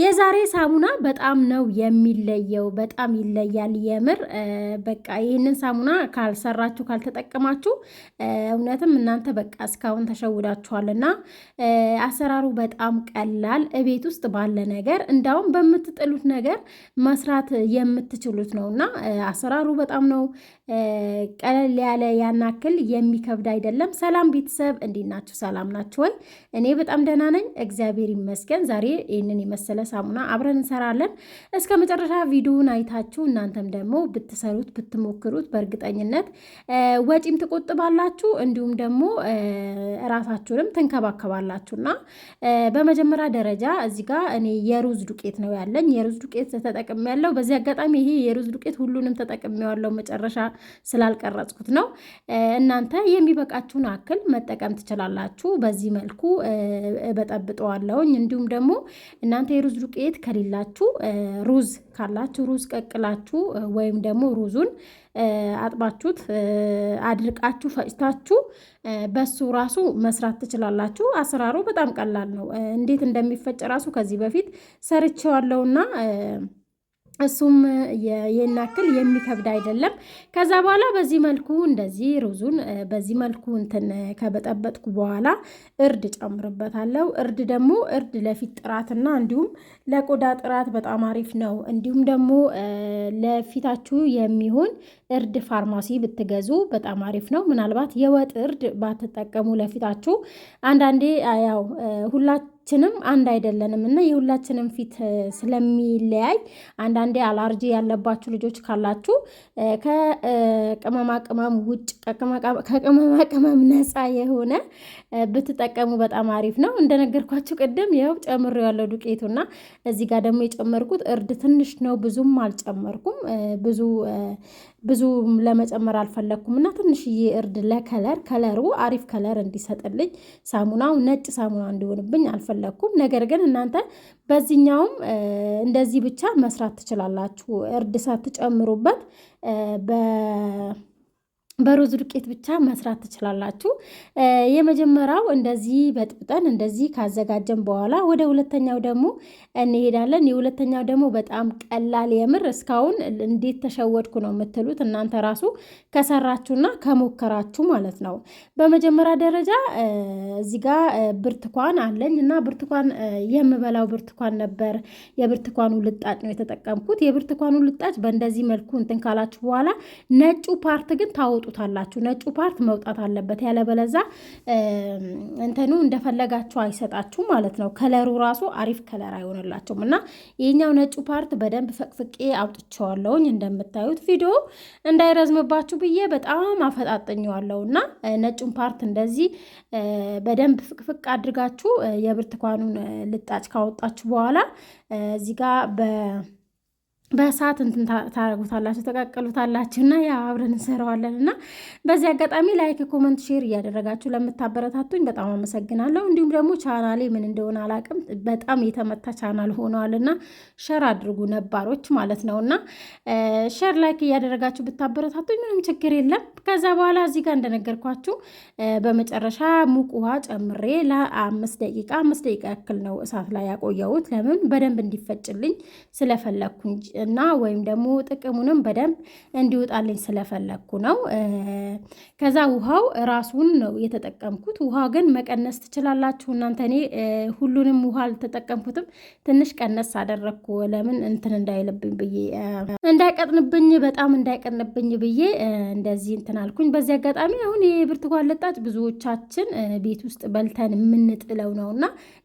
የዛሬ ሳሙና በጣም ነው የሚለየው። በጣም ይለያል የምር በቃ ይህንን ሳሙና ካልሰራችሁ ካልተጠቀማችሁ እውነትም እናንተ በቃ እስካሁን ተሸውዳችኋልና አሰራሩ በጣም ቀላል እቤት ውስጥ ባለ ነገር እንዳውም በምትጥሉት ነገር መስራት የምትችሉት ነው እና አሰራሩ በጣም ነው ቀለል ያለ ያናክል የሚከብድ አይደለም። ሰላም ቤተሰብ እንዴት ናችሁ? ሰላም ናችሁ ወይ? እኔ በጣም ደህና ነኝ፣ እግዚአብሔር ይመስገን። ዛሬ ይህንን የመሰለ ሳሙና አብረን እንሰራለን። እስከ መጨረሻ ቪዲዮውን አይታችሁ እናንተም ደግሞ ብትሰሩት ብትሞክሩት በእርግጠኝነት ወጪም ትቆጥባላችሁ፣ እንዲሁም ደግሞ ራሳችሁንም ትንከባከባላችሁና በመጀመሪያ ደረጃ እዚህ ጋር እኔ የሩዝ ዱቄት ነው ያለኝ። የሩዝ ዱቄት ተጠቅሜ ያለው በዚህ አጋጣሚ ይሄ የሩዝ ዱቄት ሁሉንም ተጠቅሜ መጨረሻ ስላልቀረጽኩት ነው። እናንተ የሚበቃችሁን አክል መጠቀም ትችላላችሁ። በዚህ መልኩ በጠብጠዋለውኝ። እንዲሁም ደግሞ እናንተ የሩዝ ዱቄት ከሌላችሁ ሩዝ ካላችሁ ሩዝ ቀቅላችሁ ወይም ደግሞ ሩዙን አጥባችሁት አድርቃችሁ ፈጭታችሁ በሱ ራሱ መስራት ትችላላችሁ። አሰራሩ በጣም ቀላል ነው። እንዴት እንደሚፈጭ ራሱ ከዚህ በፊት ሰርቼዋለሁና እሱም የናክል የሚከብድ አይደለም። ከዛ በኋላ በዚህ መልኩ እንደዚህ ሩዙን በዚህ መልኩ እንትን ከበጠበጥኩ በኋላ እርድ ጨምርበታለሁ። እርድ ደግሞ እርድ ለፊት ጥራትና እንዲሁም ለቆዳ ጥራት በጣም አሪፍ ነው። እንዲሁም ደግሞ ለፊታችሁ የሚሆን እርድ ፋርማሲ ብትገዙ በጣም አሪፍ ነው። ምናልባት የወጥ እርድ ባትጠቀሙ ለፊታችሁ አንዳንዴ ያው ሁላ ሁላችንም አንድ አይደለንም እና የሁላችንም ፊት ስለሚለያይ አንዳንዴ አላርጂ ያለባችሁ ልጆች ካላችሁ ከቅመማ ቅመም ውጭ ከቅመማ ቅመም ነፃ የሆነ ብትጠቀሙ በጣም አሪፍ ነው። እንደነገርኳችሁ ቅድም ያው ጨምሮ ያለው ዱቄቱና እዚህ ጋር ደግሞ የጨመርኩት እርድ ትንሽ ነው፣ ብዙም አልጨመርኩም። ብዙ ብዙ ለመጨመር አልፈለግኩም እና ትንሽዬ እርድ ለከለር ከለሩ አሪፍ ከለር እንዲሰጥልኝ ሳሙናው ነጭ ሳሙና እንዲሆንብኝ አልፈለ አልፈለግኩም። ነገር ግን እናንተ በዚህኛውም እንደዚህ ብቻ መስራት ትችላላችሁ እርድ ሳትጨምሩበት በሩዝ ዱቄት ብቻ መስራት ትችላላችሁ። የመጀመሪያው እንደዚህ በጥብጠን እንደዚህ ካዘጋጀን በኋላ ወደ ሁለተኛው ደግሞ እንሄዳለን። የሁለተኛው ደግሞ በጣም ቀላል የምር እስካሁን እንዴት ተሸወድኩ ነው የምትሉት እናንተ ራሱ ከሰራችሁና ከሞከራችሁ ማለት ነው። በመጀመሪያ ደረጃ እዚህ ጋር ብርቱካን አለኝ እና ብርትኳን የምበላው ብርቱካን ነበር። የብርትኳኑ ልጣጭ ነው የተጠቀምኩት። የብርትኳኑ ልጣጭ በእንደዚህ መልኩ እንትን ካላችሁ በኋላ ነጩ ፓርት ግን ታወጡ ታወጡታላችሁ። ነጩ ፓርት መውጣት አለበት፣ ያለበለዛ እንትኑ እንደፈለጋችሁ አይሰጣችሁ ማለት ነው። ከለሩ ራሱ አሪፍ ከለር አይሆንላችሁም እና ይህኛው ነጩ ፓርት በደንብ ፈቅፍቄ አውጥቼዋለሁኝ። እንደምታዩት ቪዲዮ እንዳይረዝምባችሁ ብዬ በጣም አፈጣጥኘዋለሁ እና ነጩን ፓርት እንደዚህ በደንብ ፍቅፍቅ አድርጋችሁ የብርቱካኑን ልጣጭ ካወጣችሁ በኋላ እዚህ ጋር በ በሰዓት እንትን ታደርጉታላችሁ ተቀቅሉታላችሁ እና ያው አብረን እንሰራዋለን እና በዚህ አጋጣሚ ላይክ፣ ኮመንት፣ ሼር እያደረጋችሁ ለምታበረታቱኝ በጣም አመሰግናለሁ። እንዲሁም ደግሞ ቻናሌ ምን እንደሆነ አላቅም በጣም የተመታ ቻናል ሆነዋል እና ሸር አድርጉ ነባሮች ማለት ነው እና ሸር ላይክ እያደረጋችሁ ብታበረታቱኝ ምንም ችግር የለም። ከዛ በኋላ እዚህ ጋር እንደነገርኳችሁ በመጨረሻ ሙቅ ውሃ ጨምሬ ለአምስት ደቂቃ አምስት ደቂቃ ያክል ነው እሳት ላይ ያቆየሁት። ለምን በደንብ እንዲፈጭልኝ ስለፈለግኩ እንጂ እና ወይም ደግሞ ጥቅሙንም በደንብ እንዲወጣልኝ ስለፈለግኩ ነው። ከዛ ውሃው ራሱን ነው የተጠቀምኩት። ውሃ ግን መቀነስ ትችላላችሁ እናንተ። እኔ ሁሉንም ውሃ አልተጠቀምኩትም፣ ትንሽ ቀነስ አደረግኩ። ለምን እንትን እንዳይልብኝ ብዬ እንዳይቀጥንብኝ፣ በጣም እንዳይቀጥንብኝ ብዬ እንደዚህ እንትን አልኩኝ። በዚህ አጋጣሚ አሁን የብርቱካን ልጣጭ ብዙዎቻችን ቤት ውስጥ በልተን የምንጥለው ነው እና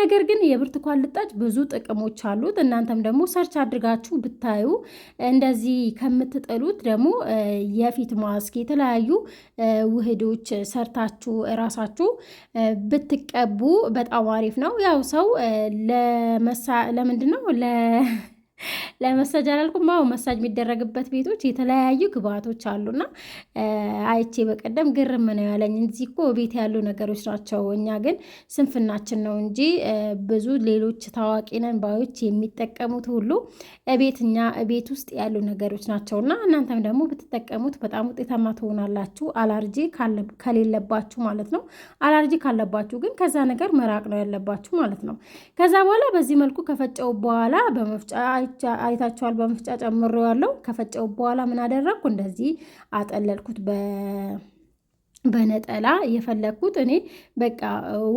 ነገር ግን የብርቱካን ልጣጭ ብዙ ጥቅሞች አሉት። እናንተም ደግሞ ሰርች አድርጋችሁ ብታ ስታዩ እንደዚህ ከምትጥሉት ደግሞ የፊት ማስክ የተለያዩ ውህዶች ሰርታችሁ እራሳችሁ ብትቀቡ በጣም አሪፍ ነው። ያው ሰው ለመሳ ለምንድን ነው ለመሳጅ አላልኩም። አዎ መሳጅ የሚደረግበት ቤቶች የተለያዩ ግብአቶች አሉና አይቼ በቀደም ግርም ነው ያለኝ። እዚህ እኮ ቤት ያሉ ነገሮች ናቸው። እኛ ግን ስንፍናችን ነው እንጂ ብዙ ሌሎች ታዋቂ ነን ባዮች የሚጠቀሙት ሁሉ እቤት እኛ ቤት ውስጥ ያሉ ነገሮች ናቸው እና እናንተም ደግሞ ብትጠቀሙት በጣም ውጤታማ ትሆናላችሁ። አላርጂ ከሌለባችሁ ማለት ነው። አላርጂ ካለባችሁ ግን ከዛ ነገር መራቅ ነው ያለባችሁ ማለት ነው። ከዛ በኋላ በዚህ መልኩ ከፈጨው በኋላ በመፍጫ አይታችኋል። በመፍጫ ጨምሬዋለሁ። ከፈጨው በኋላ ምን አደረግኩ? እንደዚህ አጠለልኩት በ በነጠላ የፈለግኩት እኔ በቃ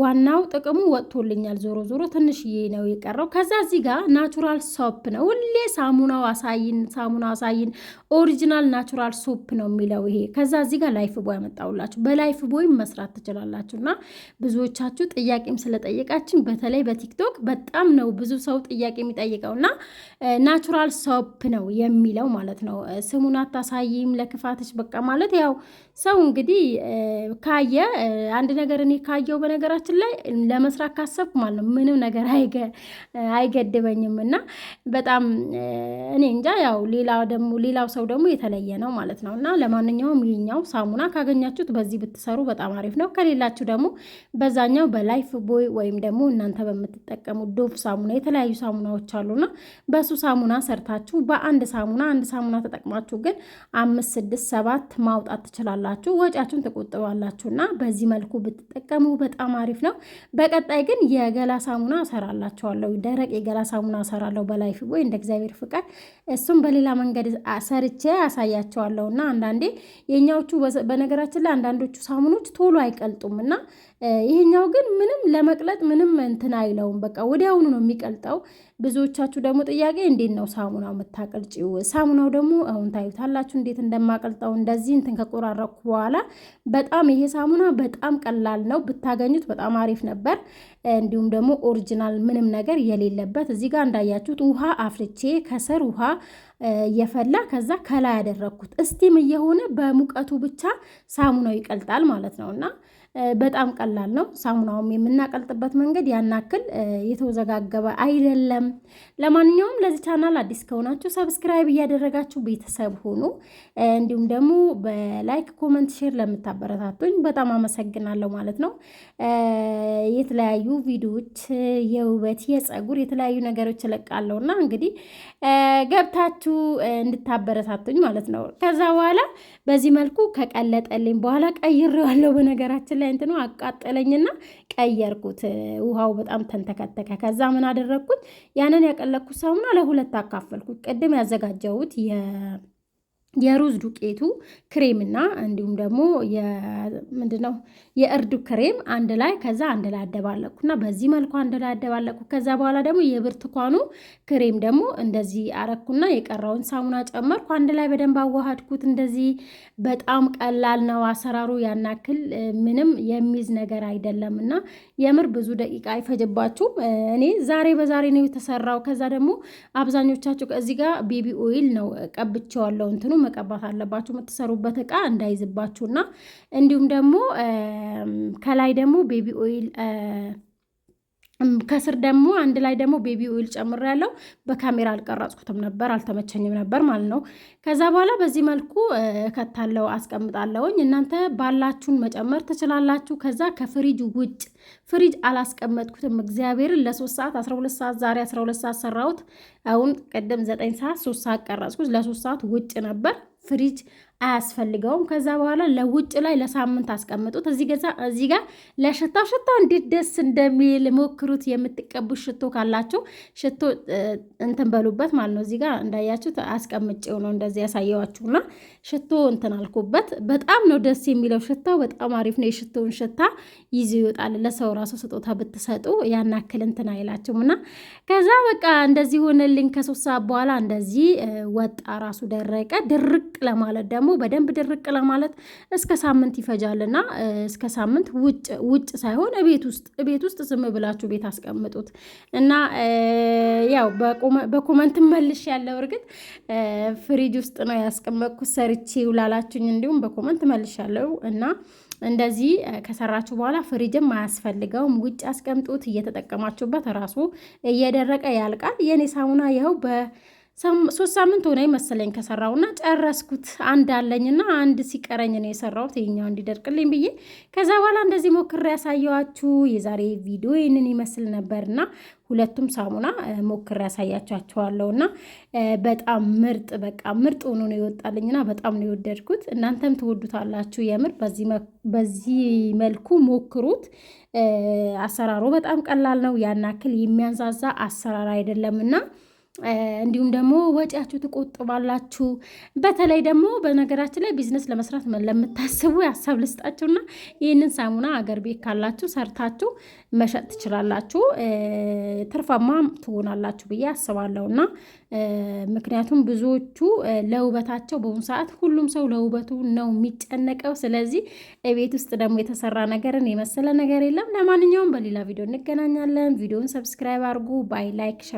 ዋናው ጥቅሙ ወጥቶልኛል። ዞሮ ዞሮ ትንሽዬ ነው የቀረው። ከዛ እዚህ ጋር ናቹራል ሶፕ ነው ሁሌ ሳሙናው አሳይን፣ ሳሙናው አሳይን። ኦሪጂናል ናቹራል ሶፕ ነው የሚለው ይሄ። ከዛ እዚህ ጋር ላይፍ ቦይ ያመጣውላችሁ በላይፍ ቦይ መስራት ትችላላችሁ። እና ብዙዎቻችሁ ጥያቄም ስለጠየቃችን በተለይ በቲክቶክ በጣም ነው ብዙ ሰው ጥያቄ የሚጠይቀው እና ናቹራል ሶፕ ነው የሚለው ማለት ነው። ስሙን አታሳይም ለክፋትሽ በቃ ማለት ያው ሰው እንግዲህ ካየ አንድ ነገር እኔ ካየው በነገራችን ላይ ለመስራት ካሰብኩ ማለት ነው ምንም ነገር አይገድበኝም። እና በጣም እኔ እንጃ ያው ሌላ ደግሞ ሌላው ሰው ደግሞ የተለየ ነው ማለት ነው። እና ለማንኛውም ይኛው ሳሙና ካገኛችሁት በዚህ ብትሰሩ በጣም አሪፍ ነው። ከሌላችሁ ደግሞ በዛኛው በላይፍ ቦይ ወይም ደግሞ እናንተ በምትጠቀሙ ዶቭ ሳሙና የተለያዩ ሳሙናዎች አሉና በሱ ሳሙና ሰርታችሁ በአንድ ሳሙና አንድ ሳሙና ተጠቅማችሁ ግን አምስት ስድስት ሰባት ማውጣት ትችላላችሁ ወጪያችሁን ትቆጥባላችሁ በዚህ መልኩ ብትጠቀሙ በጣም አሪፍ ነው። በቀጣይ ግን የገላ ሳሙና እሰራላችኋለሁ። ደረቅ የገላ ሳሙና እሰራለሁ በላይፍ ቦይ እንደ እግዚአብሔር ፍቃድ። እሱም በሌላ መንገድ ሰርቼ አሳያቸዋለሁ እና አንዳንዴ የኛዎቹ በነገራችን ላይ አንዳንዶቹ ሳሙኖች ቶሎ አይቀልጡም እና ይህኛው ግን ምንም ለመቅለጥ ምንም እንትን አይለውም። በቃ ወዲያውኑ ነው የሚቀልጠው። ብዙዎቻችሁ ደግሞ ጥያቄ እንዴት ነው ሳሙናው የምታቀልጭው ሳሙናው ደግሞ አሁን ታዩታላችሁ እንዴት እንደማቀልጠው። እንደዚህ እንትን ከቆራረኩ በኋላ በጣም ይሄ ሳሙና በጣም ቀላል ነው፣ ብታገኙት በጣም አሪፍ ነበር። እንዲሁም ደግሞ ኦሪጂናል ምንም ነገር የሌለበት እዚህ ጋር እንዳያችሁት ውሃ አፍልቼ ከስር ውሃ እየፈላ ከዛ ከላይ ያደረግኩት እስቲም እየሆነ በሙቀቱ ብቻ ሳሙናው ይቀልጣል ማለት ነው እና በጣም ቀላል ነው። ሳሙናውም የምናቀልጥበት መንገድ ያናክል የተወዘጋገበ አይደለም። ለማንኛውም ለዚህ ቻናል አዲስ ከሆናችሁ ሰብስክራይብ እያደረጋችሁ ቤተሰብ ሆኑ። እንዲሁም ደግሞ በላይክ ኮመንት፣ ሼር ለምታበረታቱኝ በጣም አመሰግናለሁ ማለት ነው። የተለያዩ ቪዲዮዎች የውበት፣ የጸጉር፣ የተለያዩ ነገሮች እለቃለሁ እና እንግዲህ ገብታችሁ ብላችሁ እንድታበረታቱኝ ማለት ነው። ከዛ በኋላ በዚህ መልኩ ከቀለጠልኝ በኋላ ቀይሬዋለሁ። በነገራችን ላይ እንትኑ አቃጠለኝና ቀየርኩት። ውሃው በጣም ተንተከተከ። ከዛ ምን አደረግኩት? ያንን ያቀለጥኩት ሳሙና ለሁለት አካፈልኩት። ቅድም ያዘጋጀሁት የሩዝ ዱቄቱ ክሬምና እንዲሁም ደግሞ ነው የእርዱ ክሬም አንድ ላይ ከዛ አንድ ላይ አደባለኩ እና በዚህ መልኩ አንድ ላይ አደባለኩ። ከዛ በኋላ ደግሞ የብርቱካኑ ክሬም ደግሞ እንደዚህ አረኩና የቀረውን ሳሙና ጨመርኩ። አንድ ላይ በደንብ አዋሃድኩት። እንደዚህ በጣም ቀላል ነው አሰራሩ። ያናክል ምንም የሚይዝ ነገር አይደለም እና የምር ብዙ ደቂቃ አይፈጅባችሁም። እኔ ዛሬ በዛሬ ነው የተሰራው። ከዛ ደግሞ አብዛኞቻችሁ እዚህ ጋር ቤቢ ኦይል ነው ቀብቼዋለሁ እንትኑ መቀባት አለባችሁ። የምትሰሩበት እቃ እንዳይዝባችሁና እንዲሁም ደግሞ ከላይ ደግሞ ቤቢ ኦይል ከስር ደግሞ አንድ ላይ ደግሞ ቤቢ ኦይል ጨምር ያለው በካሜራ አልቀረጽኩትም ነበር አልተመቸኝም ነበር ማለት ነው። ከዛ በኋላ በዚህ መልኩ ከታለው አስቀምጣለውኝ። እናንተ ባላችሁን መጨመር ትችላላችሁ። ከዛ ከፍሪጅ ውጭ ፍሪጅ አላስቀመጥኩትም እግዚአብሔርን ለሶስት ሰዓት 12 ሰዓት ዛሬ 12 ሰዓት ሰራሁት። አሁን ቅድም 9 ሰዓት ሶስት ሰዓት ቀረጽኩት። ለሶስት ሰዓት ውጭ ነበር ፍሪጅ አያስፈልገውም። ከዛ በኋላ ለውጭ ላይ ለሳምንት አስቀምጡት። እዚህ ገዛ እዚህ ጋር ለሽታው ሽታው እንዴት ደስ እንደሚል ሞክሩት። የምትቀቡት ሽቶ ካላችሁ ሽቶ እንትን በሉበት ማለት ነው። እዚህ ጋር እንዳያችሁት አስቀምጬው ነው እንደዚህ ያሳየዋችሁና ሽቶ እንትን አልኩበት። በጣም ነው ደስ የሚለው ሽታው፣ በጣም አሪፍ ነው። የሽቶውን ሽታ ይዞ ይወጣል። ለሰው ራሱ ስጦታ ብትሰጡ ያናክል እንትን አይላችሁም እና ከዛ በቃ እንደዚህ ሆነልኝ። ከሶስት ሰዓት በኋላ እንደዚህ ወጣ፣ ራሱ ደረቀ ድርቅ ለማለት ደግሞ በደንብ ድርቅ ለማለት እስከ ሳምንት ይፈጃልና እስከ ሳምንት ውጭ ውጭ ሳይሆን እቤት ውስጥ እቤት ውስጥ ዝም ብላችሁ ቤት አስቀምጡት እና ያው በኮመንት መልሽ ያለው እርግጥ ፍሪጅ ውስጥ ነው ያስቀመጥኩት ሰርቼ ላላችሁኝ እንዲሁም በኮመንት መልሽ ያለው እና እንደዚህ ከሰራችሁ በኋላ ፍሪጅም አያስፈልገውም። ውጭ አስቀምጡት። እየተጠቀማችሁበት ራሱ እየደረቀ ያልቃል። የኔ ሳሙና ይኸው በ ሶስት ሳምንት ሆነ መሰለኝ ከሰራውና ጨረስኩት። አንድ አለኝና አንድ ሲቀረኝ ነው የሰራሁት ይኛው እንዲደርቅልኝ ብዬ። ከዛ በኋላ እንደዚህ ሞክሬ ያሳየዋችሁ የዛሬ ቪዲዮ ይህንን ይመስል ነበርና ሁለቱም ሳሙና ሞክሬ ያሳያችኋቸዋለሁና በጣም ምርጥ በቃ ምርጥ ሆኖ ነው የወጣልኝና በጣም ነው የወደድኩት። እናንተም ትወዱታላችሁ የምር። በዚህ መልኩ ሞክሩት። አሰራሩ በጣም ቀላል ነው። ያን ያክል የሚያንዛዛ አሰራር አይደለምና እንዲሁም ደግሞ ወጪያችሁ ትቆጥባላችሁ። በተለይ ደግሞ በነገራችን ላይ ቢዝነስ ለመስራት ለምታስቡ ሀሳብ ልስጣችሁና ይህንን ሳሙና አገር ቤት ካላችሁ ሰርታችሁ መሸጥ ትችላላችሁ፣ ትርፋማ ትሆናላችሁ ብዬ አስባለሁ እና ምክንያቱም ብዙዎቹ ለውበታቸው በአሁኑ ሰዓት ሁሉም ሰው ለውበቱ ነው የሚጨነቀው። ስለዚህ ቤት ውስጥ ደግሞ የተሰራ ነገርን የመሰለ ነገር የለም። ለማንኛውም በሌላ ቪዲዮ እንገናኛለን። ቪዲዮን ሰብስክራይብ አድርጉ። ባይ ላይክ